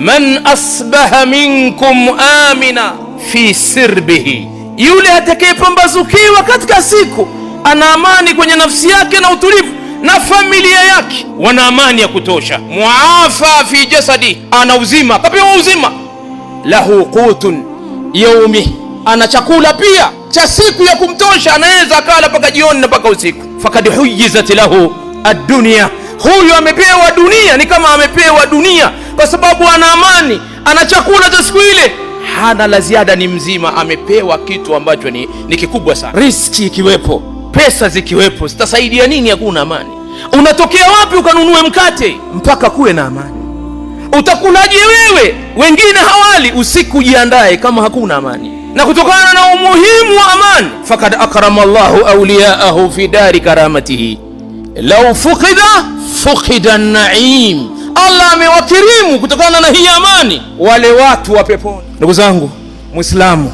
man asbaha minkum amina fi sirbihi, yule atakayepambazukiwa katika siku ana amani kwenye nafsi yake na utulivu na familia yake wana amani ya kutosha. Muafa fi jasadi, ana uzima, kapewa uzima. Lahu qutun yaumi, ana chakula pia cha siku ya kumtosha, anaweza akala mpaka jioni na mpaka usiku. Fakad huyizat lahu ad-dunya, huyu amepewa dunia, ni kama amepewa dunia kwa sababu ana amani, ana chakula cha siku ile, hana la ziada, ni mzima, amepewa kitu ambacho ni, ni kikubwa sana. Riski ikiwepo, pesa zikiwepo, zitasaidia nini? Hakuna amani. Unatokea wapi ukanunue mkate mpaka kuwe na amani? Utakulaje wewe? Wengine hawali usiku, kama hakuna amani. Na kutokana na umuhimu wa amani, fakad akrama Allahu awliyaahu fi dari karamatihi, lau fuqida fuqida naim Allah amewakirimu kutokana na hii amani, wale watu wa peponi. Ndugu zangu, Muislamu,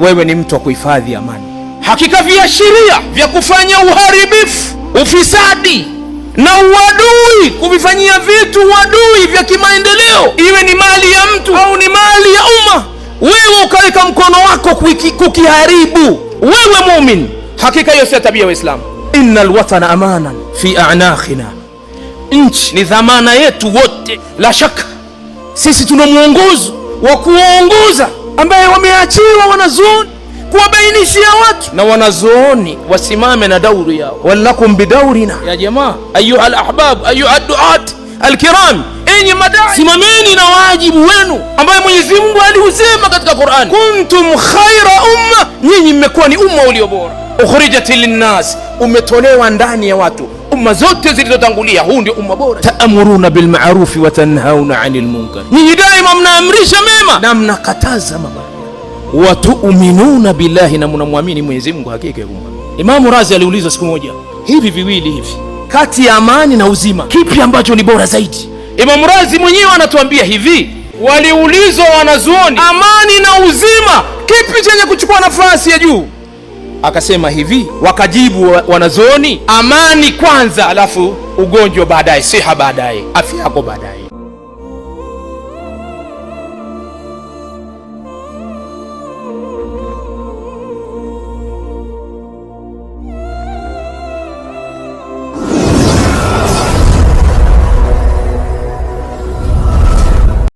wewe ni mtu wa kuhifadhi amani. Hakika viashiria vya kufanya uharibifu, ufisadi na uadui, kuvifanyia vitu uadui vya kimaendeleo, iwe ni mali ya mtu au ni mali ya umma, wewe ukaweka mkono wako kuki, kukiharibu wewe muumini, hakika hiyo sio tabia ya Waislamu. Innal watana amanan fi a'naqina nchi ni dhamana yetu wote. La shaka sisi tuna mwongozo wa kuwaongoza ambaye wameachiwa wanazuoni kuwabainishia watu, na wanazuoni wasimame na dauri yao. Walakum bidaurina ya jamaa, ayuha alahbab, ayuha duat alkiram, enyi madai, simameni na wajibu wenu ambaye Mwenyezi Mungu katika Qurani, kuntum khaira umma, nyinyi mmekuwa ni umma ulio bora, ukhrijat umetolewa ndani ya watu. Umma zote zilizotangulia, huu ndio umma bora. Taamuruna ma'ruf wa tanhauna anil munkar, nyinyi daima mnaamrisha mema na mnakataza mabaya. tu'minuna billahi, na mnamwamini Mwenyezi Mungu. Hakika ya Imamu Razi aliulizwa siku moja, hivi viwili hivi kati ya amani na uzima, kipi ambacho ni bora zaidi? Imamu Razi mwenyewe anatuambia hivi, waliulizwa wanazuoni, amani na uzima, kipi chenye kuchukua nafasi ya juu? Akasema hivi, wakajibu wanazooni amani kwanza, alafu ugonjwa baadaye, siha baadaye, afya yako baadaye.